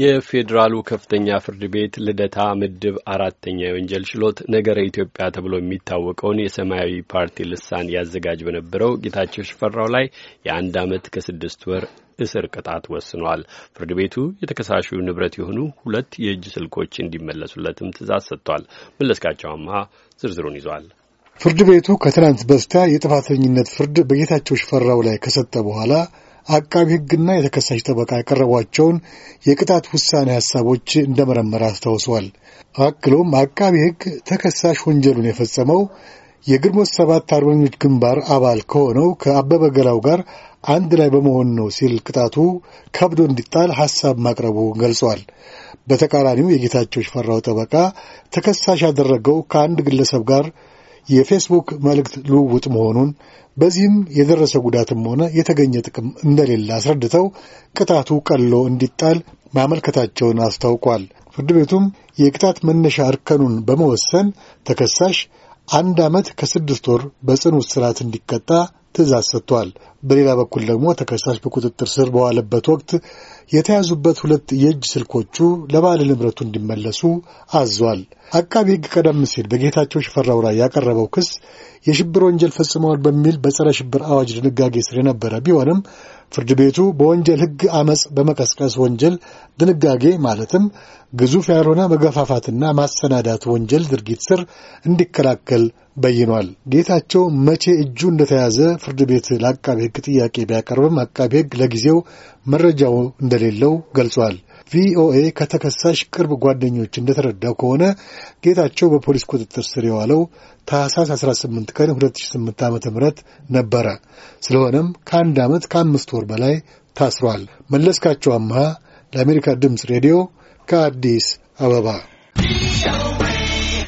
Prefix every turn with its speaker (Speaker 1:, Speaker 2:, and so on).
Speaker 1: የፌዴራሉ ከፍተኛ ፍርድ ቤት ልደታ ምድብ አራተኛ የወንጀል ችሎት ነገረ ኢትዮጵያ ተብሎ የሚታወቀውን የሰማያዊ ፓርቲ ልሳን ያዘጋጅ በነበረው ጌታቸው ሽፈራው ላይ የአንድ ዓመት ከስድስት ወር እስር ቅጣት ወስኗል። ፍርድ ቤቱ የተከሳሹ ንብረት የሆኑ ሁለት የእጅ ስልኮች እንዲመለሱለትም ትእዛዝ ሰጥቷል። መለስካቸው አምሃ ዝርዝሩን ይዟል።
Speaker 2: ፍርድ ቤቱ ከትናንት በስቲያ የጥፋተኝነት ፍርድ በጌታቸው ሽፈራው ላይ ከሰጠ በኋላ አቃቢ ሕግና የተከሳሽ ጠበቃ ያቀረቧቸውን የቅጣት ውሳኔ ሐሳቦች እንደመረመረ አስታውሷል። አክሎም አቃቢ ሕግ ተከሳሽ ወንጀሉን የፈጸመው የግንቦት ሰባት አርበኞች ግንባር አባል ከሆነው ከአበበ ገላው ጋር አንድ ላይ በመሆን ነው ሲል ቅጣቱ ከብዶ እንዲጣል ሐሳብ ማቅረቡ ገልጿል። በተቃራኒው የጌታቸው ሽፈራው ጠበቃ ተከሳሽ ያደረገው ከአንድ ግለሰብ ጋር የፌስቡክ መልእክት ልውውጥ መሆኑን በዚህም የደረሰ ጉዳትም ሆነ የተገኘ ጥቅም እንደሌለ አስረድተው ቅጣቱ ቀሎ እንዲጣል ማመልከታቸውን አስታውቋል። ፍርድ ቤቱም የቅጣት መነሻ እርከኑን በመወሰን ተከሳሽ አንድ ዓመት ከስድስት ወር በጽኑ እስራት እንዲቀጣ ትእዛዝ ሰጥቷል። በሌላ በኩል ደግሞ ተከሳሽ በቁጥጥር ስር በዋለበት ወቅት የተያዙበት ሁለት የእጅ ስልኮቹ ለባለ ንብረቱ እንዲመለሱ አዟል። አቃቢ ሕግ ቀደም ሲል በጌታቸው ሽፈራው ላይ ያቀረበው ክስ የሽብር ወንጀል ፈጽመዋል በሚል በጸረ ሽብር አዋጅ ድንጋጌ ስር የነበረ ቢሆንም ፍርድ ቤቱ በወንጀል ሕግ አመፅ በመቀስቀስ ወንጀል ድንጋጌ ማለትም ግዙፍ ያልሆነ መገፋፋትና ማሰናዳት ወንጀል ድርጊት ስር እንዲከላከል በይኗል። ጌታቸው መቼ እጁ እንደተያዘ ፍርድ ቤት ለአቃቢ ሕግ ጥያቄ ቢያቀርብም አቃቢ ሕግ ለጊዜው መረጃው እንደሌለው ገልጿል። ቪኦኤ ከተከሳሽ ቅርብ ጓደኞች እንደተረዳው ከሆነ ጌታቸው በፖሊስ ቁጥጥር ስር የዋለው ታህሳስ 18 ቀን 2008 ዓ ም ነበረ። ስለሆነም ከአንድ ዓመት ከአምስት ወር በላይ ታስሯል። መለስካቸው አምሃ ለአሜሪካ ድምፅ ሬዲዮ ከአዲስ አበባ